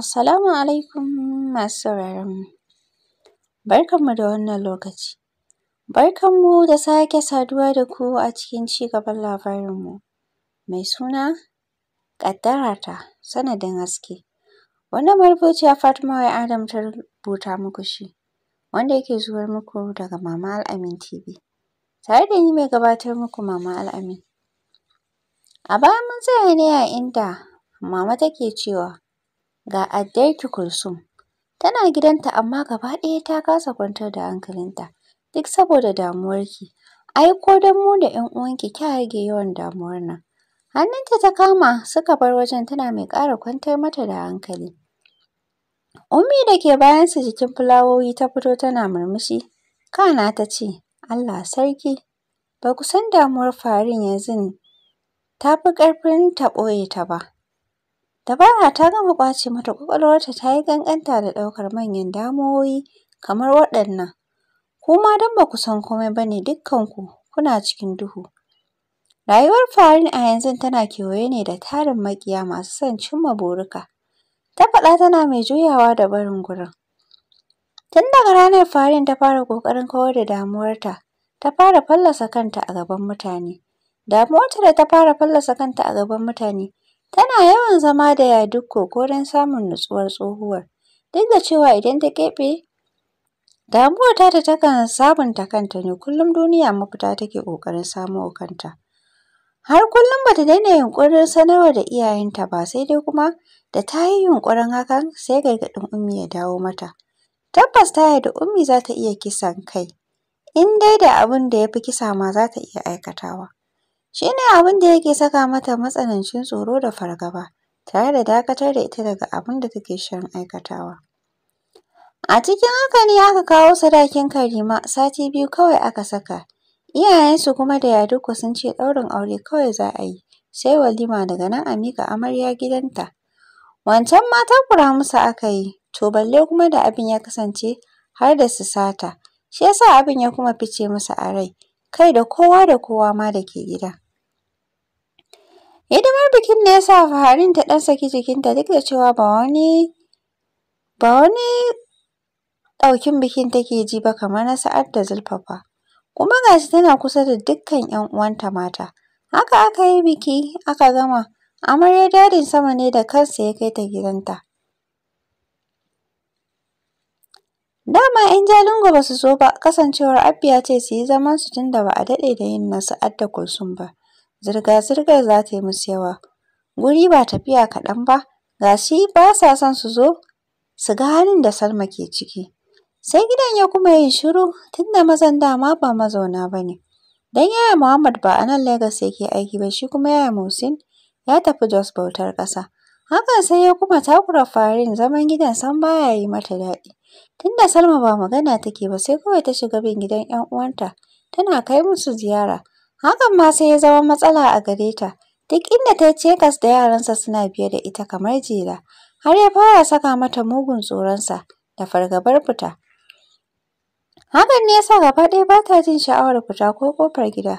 Assalamu alaikum masu sauraron mu. Barkan mu da wannan lokaci. Barkan mu da sake saduwa da ku a cikin cigaban labarin mu mai suna ƙaddara ta sanadin haske Wannan marubuciya Fatima Y Adam ta rubuta muku shi wanda yake zuwa muku daga Mama Al'amin TV tare da ni mai gabatar muku Mama Al'amin. A baya mun tsaya ne a inda mama take cewa Ga Addaiti Kulsum tana gidanta amma gaba ɗaya ta kasa kwantar da hankalinta duk saboda damuwarki. aiko ko don mu da 'yan uwanki kya rage yawan damuwar nan. Hannunta ta kama suka bar wajen tana mai ƙara kwantar mata da hankali. Ummi da ke bayan su jikin fulawoyi ta fito tana murmushi. Kana ta ce, Allah sarki, ba ku san damuwar Farin yanzu ta fi ƙarfin ta ɓoye ta ba. Dabara ta gama ƙwace mata ƙwaƙwalwarta ta yi ƙanƙanta da ɗaukar manyan damuwoyi kamar waɗannan. Kuma ma don ba ku san komai ba ne dukkanku kuna cikin duhu. Rayuwar Farin a yanzu tana kewaye ne da tarin maƙiya masu son cimma burika. Ta faɗa tana mai juyawa da barin gurin. Tun daga ranar Farin ta fara ƙoƙarin kawar da damuwarta, ta fara fallasa kanta a gaban mutane. Damuwarta da ta fara fallasa kanta a gaban mutane Tana yawan zama da yadiko duk don samun nutsuwar tsohuwar, duk da cewa idan ta keɓe damuwar ta takan sabunta kanta ne kullum duniya mafita take ƙoƙarin samo kanta. Har kullum ba ta daina yunƙurin sanarwa da iyayenta ba sai dai kuma da ta yi yunƙurin hakan sai gargaɗin Ummi ya dawo mata. Tabbas ta da Ummi za ta iya kisan kai, in dai da abin da ya fi kisa ma za ta iya aikatawa. shi ne abin da yake saka mata matsanancin tsoro da fargaba tare da dakatar da ita daga abin da take shirin aikatawa. A cikin haka ne aka kawo sadakin Karima sati biyu kawai aka saka, iyayensu kuma da Yaduko sun ce ɗaurin aure kawai za a yi, sai walima daga nan a mika amarya gidanta. Wancan ma takura musu aka yi, to balle kuma da abin ya kasance har da su sata, shi yasa abin ya kuma fice musu a rai, kai da kowa da kowa ma da ke gida. hidimar bikin ne ya sa faharin ta ɗan saki jikinta duk da cewa ba wani ba wani ɗaukin bikin take ji ba kamar na sa'ad da zulfafa kuma ga shi tana kusa da dukkan 'yan uwanta mata haka aka yi biki aka gama amarya dadin sama ne da kansa ya kai ta gidanta Dama ‘yan jalingo ba su zo ba, kasancewar Abbiya ce su yi zaman su tun da ba a daɗe da yin sa'ar da kulsun ba. zirga-zirgar za ta yi musu yawa guri ba tafiya kaɗan ba ga shi ba sa son su zo su ga halin da Salma ke ciki sai gidan ya kuma yin shiru tunda mazan dama ba mazauna ba ne don yaya Muhammad ba a nan Legas yake aiki ba shi kuma yaya Musin? ya tafi Jos bautar ƙasa hakan sai ya kuma takura farin zaman gidan san baya yi mata daɗi tunda Salma ba magana take ba sai kawai ta shiga bin gidan 'yan uwanta tana kai musu ziyara Hakan ma sai ya zama matsala a gare ta. Duk inda ta yi cekas da yaransa suna biye da ita kamar jela. Har ya fara saka mata mugun tsoronsa da fargabar fita. Hakan ne ya sa gaba ɗaya ba ta jin sha'awar fita ko ƙofar gida.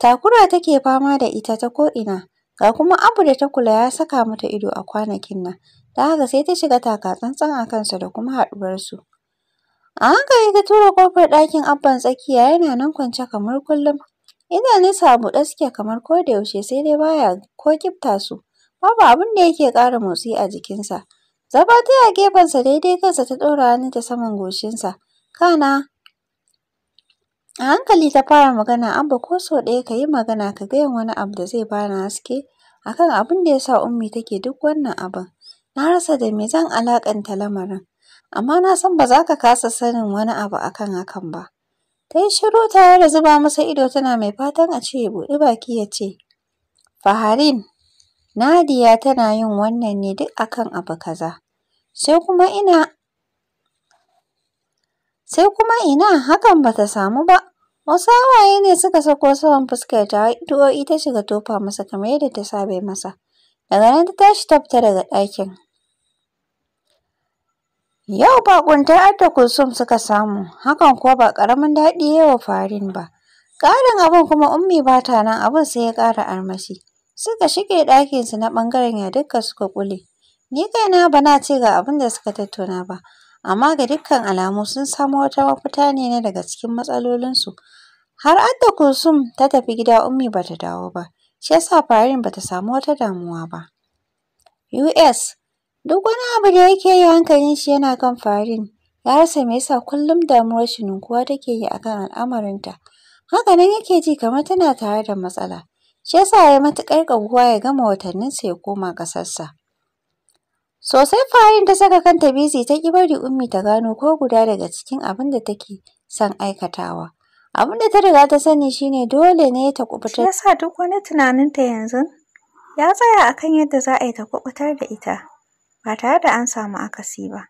Takura take fama da ita ta ko'ina. Ga kuma abu da ta kula ya saka mata ido a kwanakin nan. Da haka sai ta shiga taka-tsantsan a kansa da kuma haɗuwarsu. A hankali ta tura ƙofar ɗakin Abban tsakiya yana nan kwance kamar kullum. Idanunsa abu buɗe suke kamar ko da yaushe sai dai baya ko kifta su. Babu abin da yake ƙara motsi a jikinsa. zaba ta gefen a gefensa daidai kansa ta ɗora ta saman goshinsa. Kana a hankali ta fara magana Abba ko sau ɗaya ka yi magana ka ga yin wani abu da zai bani haske akan kan abin da ya sa Ummi take duk wannan abin. Na rasa da me zan alaƙanta lamarin. Amma na san ba za ka kasa sanin wani abu akan hakan ba. Ta yi shiru tare da zuba masa ido tana mai fatan a ce ya buɗi baki ya ce, Faharin, Nadiya tana yin wannan ne duk akan abu kaza. Sai kuma ina sai kuma ina hakan bata samu ba. Wasu hawaye ne suka sako saman fuskar ta addu'o'i ta shiga tofa masa kamar yadda ta saba masa. Daga nan ta tashi tafta daga ɗakin. Yau bakuntar Adda Kulsum suka samu, hakan kuwa ba ƙaramin daɗi ya wa farin ba. Ƙarin abin kuma Ummi ba ta nan abin sai ya ƙara armashi. Suka shige ɗakinsu na ɓangaren ya dukka suka ƙule. Ni kaina ba na ce ga abin da suka tattauna ba, amma ga dukkan alamu sun samo wata mafita ne na daga cikin matsalolinsu. Har Adda kusum ta tafi gida Ummi ba ta dawo ba, shi ya sa Farin ba ta samu wata damuwa ba. US Duk wani abu da yake yi hankalin shi yana kan Farin. Ya rasa me yasa kullum damuwar shi ninkuwa take yi akan al'amarinta. Haka nan yake ji kamar tana tare da matsala. Shi yasa ya yi matuƙar ƙaguwa ya gama watanninsa ya koma ƙasarsa. Sosai Farin ta saka kanta bizi ta ƙi bari Ummi ta gano ko guda daga cikin abin da take son aikatawa. Abin da ta riga ta sani shine dole ne ta kuɓutar. Shi yasa duk wani tunaninta yanzu ya tsaya akan yadda za a yi ta kuɓutar da ita. ba tare da an samu akasi ba.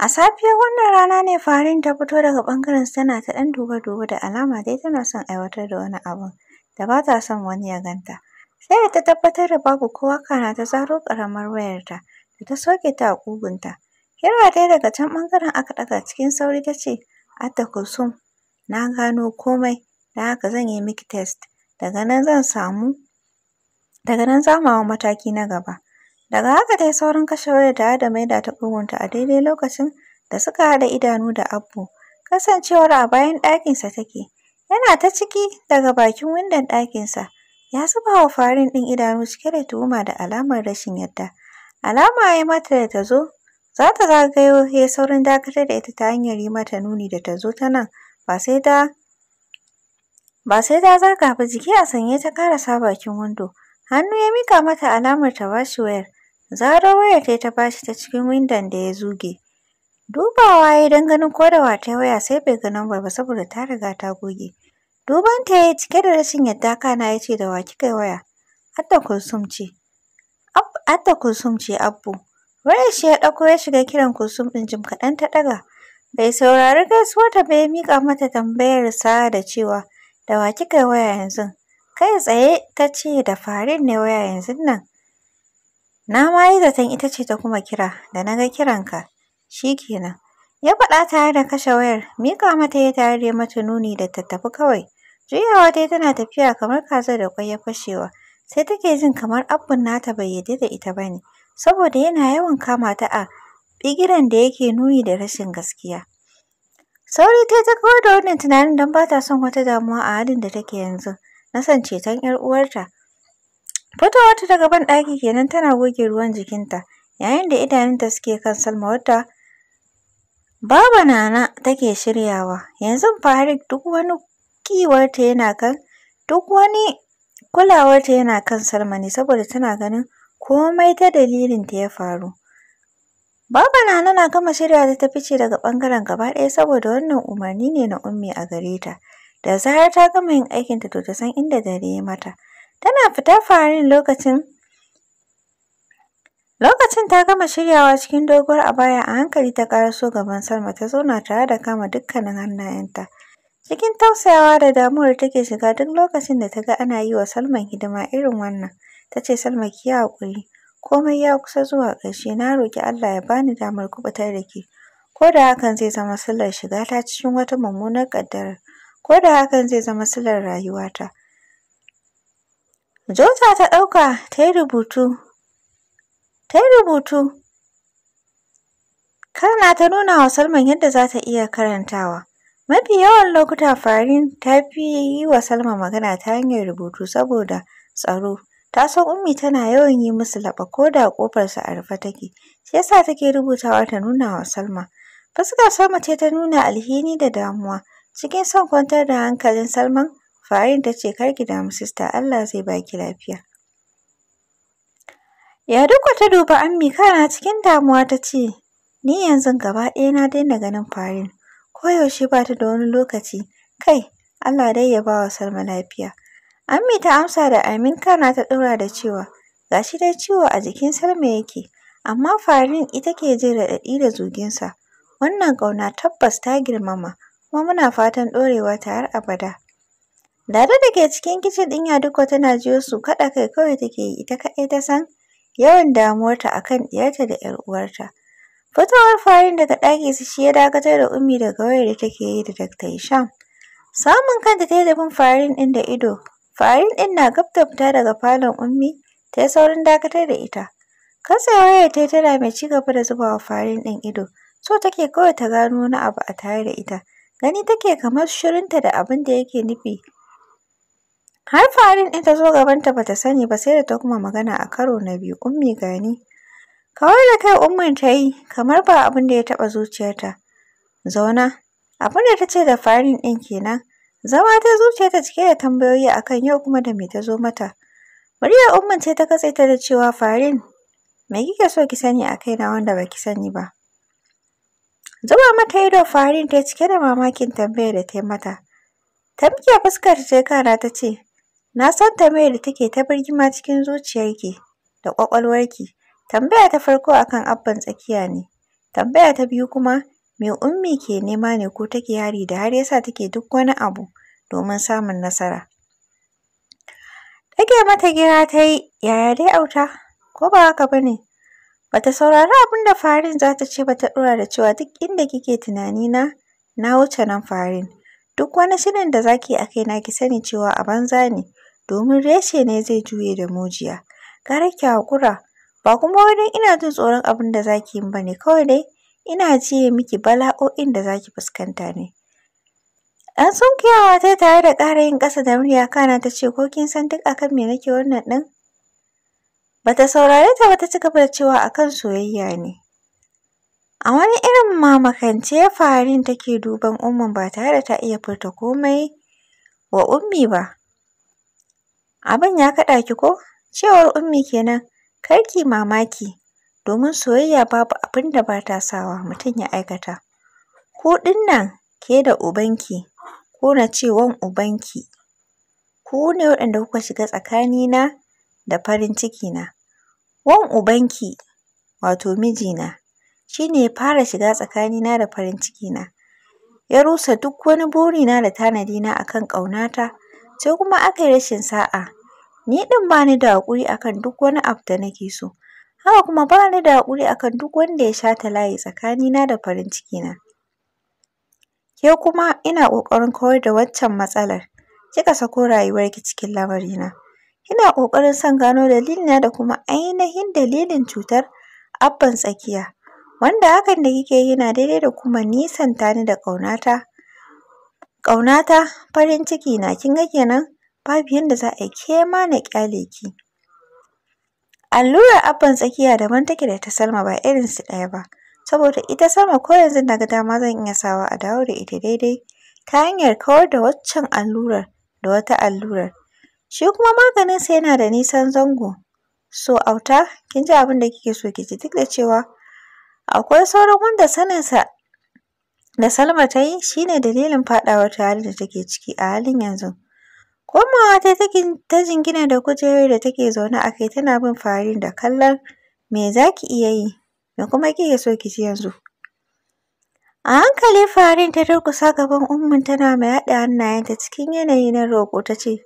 A safiyar wannan rana ne Farin ta fito daga ɓangaren tana ta ɗan duba-duba da alama dai tana son aiwatar da wani abun da ba ta son wani ya ganta. Sai da ta tabbatar da babu kowa kana ta zaro ƙaramar wayarta da ta soke ta a ƙugunta. Kira dai daga can ɓangaren aka ɗaga cikin sauri ta ce, Atta Kulsum, na gano komai, da haka zan yi miki test, daga nan zan samu, daga nan za mu hau mataki na gaba. Daga haka ta yi saurin kashe wayar tare da maida ta ƙugunta a daidai lokacin da suka haɗa idanu da abu, kasancewar a bayan ɗakinsa take. Yana ta ciki daga bakin windon ɗakinsa, ya zuba wa farin ɗin idanu cike da tuhuma da alamar rashin yadda. Alama ya mata da ta zo, za ta zagayo ya saurin dakatar da ita ta hanyar yi mata nuni da ta zo ta nan, ba sai ta ba sai ta ba jiki a sanye ta ƙarasa bakin windo. Hannu ya mika mata alamar ta bashi wayar. zarar wayar yi ta bashi ta cikin windon da ya zuge. Dubawa ya yi don ganin ko da watai waya sai bai ga lambar ba saboda ta riga ta goge. Duban ta ya cike da rashin yadda kana ya ce da wa kika yi waya? hatta Kulsum ce. hatta Kulsum ce Abbo. shi ya ɗauko ya shiga kiran Kulsum ɗin jim kaɗan ta ɗaga. Bai saurari gaisuwa ba bai mika mata tambayar sa da cewa da wa kika waya yanzu? Kai tsaye ta ce da Farin ne waya yanzun nan. Na ma yi zaton ita ce ta kuma kira da na ga kiranka, shi kenan. Ya faɗa tare da kashe wayar, miƙa mata ya tare da mata nuni da ta tafi kawai. Juyawa dai tana tafiya kamar kazar da ƙwai ya fashewa, sai take jin kamar abin nata bai yarda da ita ba ne, saboda yana yawan kama ta a bigiran da yake nuni da rashin gaskiya. Sauri ta ta kawar da wannan tunanin don ba ta son wata damuwa a halin da take yanzu, na san ceton 'yar uwarta. wata daga banɗaki kenan tana goge ruwan jikinta yayin da idanunta suke kan Salma wadda Baba Nana take shiryawa. Yanzu fa duk wani kiwarta yana kan duk wani kulawarta yana kan Salma ne saboda tana ganin komai ta dalilinta ya faru. Baba Nana na kama shirya ta tafi ce daga ɓangaren gaba ɗaya saboda wannan umarni ne na Ummi a gare ta. Da zarar ta gama yin aikinta to ta san inda dare ya mata. Tana fita farin lokacin lokacin ta gama shiryawa cikin doguwar abaya a hankali ta karaso gaban Salma ta zauna tare da kama dukkanin hannayenta. Cikin tausayawa da damuwar take shiga duk lokacin da ta ga ana yi wa Salman hidima irin wannan. Ta ce Salma ki yi haƙuri, komai ya kusa zuwa ƙarshe, na roki Allah ya bani damar kubutar da ke. Ko da hakan zai zama sillar shiga ta cikin wata mummunar ƙaddarar ko da hakan zai zama sillar rayuwata. Jota ta ɗauka ta yi rubutu, ta yi rubutu. Kana ta nuna wa Salman yadda za ta iya karantawa. Mafi yawan lokuta Farin ta fi yi wa Salma magana ta hanyar rubutu saboda tsaro. Ta san Ummi tana yawan yi musu laɓa ko da ƙofarsa a rufe take, shi yasa take rubutawa ta nuna wa Salma. Fuskar Salma ce ta nuna alhini da damuwa, cikin son kwantar da hankalin Salman Farin ta ce kar ki damu sista Allah zai baki lafiya. Ya duka ta duba Ammi kana cikin damuwa ta ce ni yanzu gaba ɗaya na daina ganin Farin koyaushe ba ta da wani lokaci kai Allah dai ya bawa wa Salma lafiya. Ammi ta amsa da amin na ta ɗora da cewa gashi dai ciwo a jikin Salma yake amma Farin ita ke jin raɗaɗi da zuginsa wannan ƙauna tabbas ta girmama kuma muna fatan ɗorewa ta har abada. Lado da ke cikin kicin ɗin Yaduko tana jiyo su kaɗa kai kawai take yi ita kaɗai ta san yawan damuwarta akan ɗiyarta da ‘yar uwarta. Fitowar farin daga ɗaki su shi ya dakatar da Ummi daga wayar da take yi da Dr. Hisham. Samun kanta ta yi da bin farin ɗin da ido. Farin ɗin na gabta fita daga falon Ummi ta saurin dakatar da ita. Kasa wayar ta yi tana mai ci gaba da zuba wa farin ɗin ido. So take kawai ta gano wani abu a tare da ita. Gani take kamar shirinta da abin da yake nufi Har farin ɗin ta zo gabanta bata sani ba sai da ta kuma magana a karo na biyu, Ummi gani. Kawar da kai Ummin ta yi kamar ba abin da ya taɓa zuciyarta. Zauna, abin da ta ce da farin ɗin kenan. Zama ta zuciyarta cike da tambayoyi akan yau kuma da me ta zo mata. Muryar Ummin ce ta katse ta da cewa farin, me kike so ki sani a kaina wanda baki sani ba? Zuba mata ido farin ta cike da mamakin tambayar da ta yi mata. Ta miƙe fuskar ta kana ta ce, Na san tambayar da take ta birgima cikin zuciyarki da ƙwaƙwalwarki. Tambaya ta farko akan Abban tsakiya ne. Tambaya ta biyu kuma me Ummi ke nema ne ko take hari da har yasa take duk wani abu domin samun nasara. Ɗage mata gira ta yi, yaya dai auta, ko ba haka ba ne? Ba saurari abin da Farin za ta ce ba ta ɗora da cewa duk inda kike tunani na, na wuce nan Farin. Duk wani shirin da za ki yi a kaina ki sani cewa a banza ne. domin reshe ne zai juye da mujiya. Gara ki haƙura, ba kuma wani ina jin tsoron abin da za ki yi ba ne, kawai dai ina jiye miki bala'o'in da za ki fuskanta ne. Ɗan kiyawa ta tare da ƙara yin ƙasa da murya kana ta ce ko kin san duk akan me nake wannan ɗin? Bata saurare ta ba ta ci gaba da cewa akan soyayya ne. A wani irin mamakance farin take duban Umman ba tare da ta iya furta komai wa Ummi ba. Abin ya kaɗa ki ko? Cewar Ummi kenan. Kar ki mamaki, domin soyayya babu abin da ba ta sawa mutum ya aikata. Ku ɗin nan, ke da ubanki, ko na ce wan ubanki, ku ne waɗanda kuka shiga tsakanina da farin cikina. Wan ubanki, wato mijina, shi ne ya fara shiga tsakanina da farin na. Ya rusa duk wani burina da tanadina a kan ƙaunata, sai kuma aka yi rashin sa'a. Ni din ba ni da hakuri akan duk wani abu da nake so. Haka kuma ba ni da hakuri akan duk wanda ya shata layi tsakani na da farin ciki na Ke kuma ina ƙoƙarin kawar da waccan matsalar, kika sako rayuwarki cikin na Ina ƙoƙarin son gano dalilina da kuma ainihin dalilin cutar abban tsakiya, wanda hakan da kike yi na daidai da kuma nisanta ni da ƙaunata. kaunata farin na kin ga kenan babu yanda za a yi ke ma na kyale ki. Allurar abban tsakiya daban take da ta Salma ba irin su ɗaya ba, saboda ita Salma ko yanzu na ga dama zan iya sawa a dawo da ita daidai ta hanyar kawar da waccan allurar da wata allurar. Shi kuma maganinsa yana da nisan zango, so auta kin ji abin da kike so ki duk da cewa akwai sauran wanda sanin sa da Salma ta yi shi ne dalilin faɗawarta halin da take ciki a halin yanzu. Komawa ta ta jingina da kujerar da take zaune a kai tana bin Farin da kallon me za ki iya yi, me kuma kike so ki ji yanzu. A hankali Farin ta durƙusa gaban Ummin tana mai haɗa hannayenta cikin yanayi na roƙo ta ce,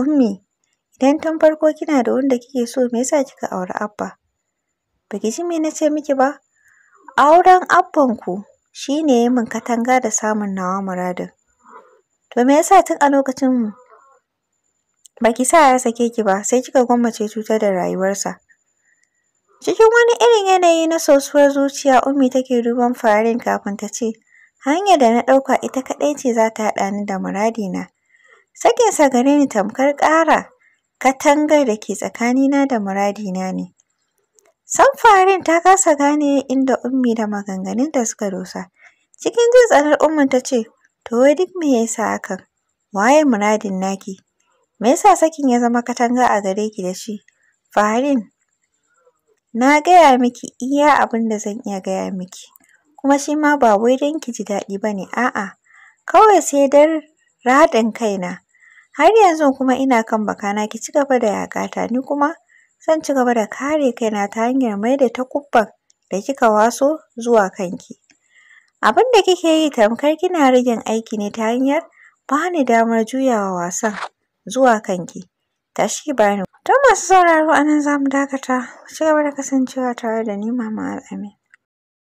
Ummi, idan tun farko kina da wanda kike so me yasa kika auri Abba? Baki ji me na ce miki ba? Auren Abbanku shine shine ya min katanga da samun nawa muradin. To me yasa tun a lokacin Baki sa ya sake ki ba sai kika gwammace cutar da rayuwarsa cikin wani irin yanayi na sosuwar zuciya ummi take duban farin kafin ta ce "hanya da na ɗauka ita kaɗai ce za ta haɗa ni da muradi sakin sa gare ni tamkar ƙara katangar da ke tsakani na da muradi na ne sam farin ta kasa gane inda ummi da maganganun da suka dosa cikin jin tsanar ummin ta ce to wai duk me yasa hakan waye muradin naki Me yasa sakin ya zama katanga a gare ki da shi? Farin, na gaya miki iya abin da zan iya gaya miki. Kuma shi ma ba wai don ki ji daɗi ba ne, a'a. Kawai sai don raɗin kaina. Har yanzu kuma ina kan bakana ki ci gaba da yaƙata, ni kuma zan ci gaba da kare kaina ta hanyar mai da ta takubban da kika waso zuwa kanki. Abin da kike yi tamkar kina ragen aiki ne ta hanyar ba ni damar juyawa wasan. zuwa kanki. Tashi bani. Don masu sauraro anan za mu dakata. Ku ci gaba da kasancewa tare da ni Mama Al'amin.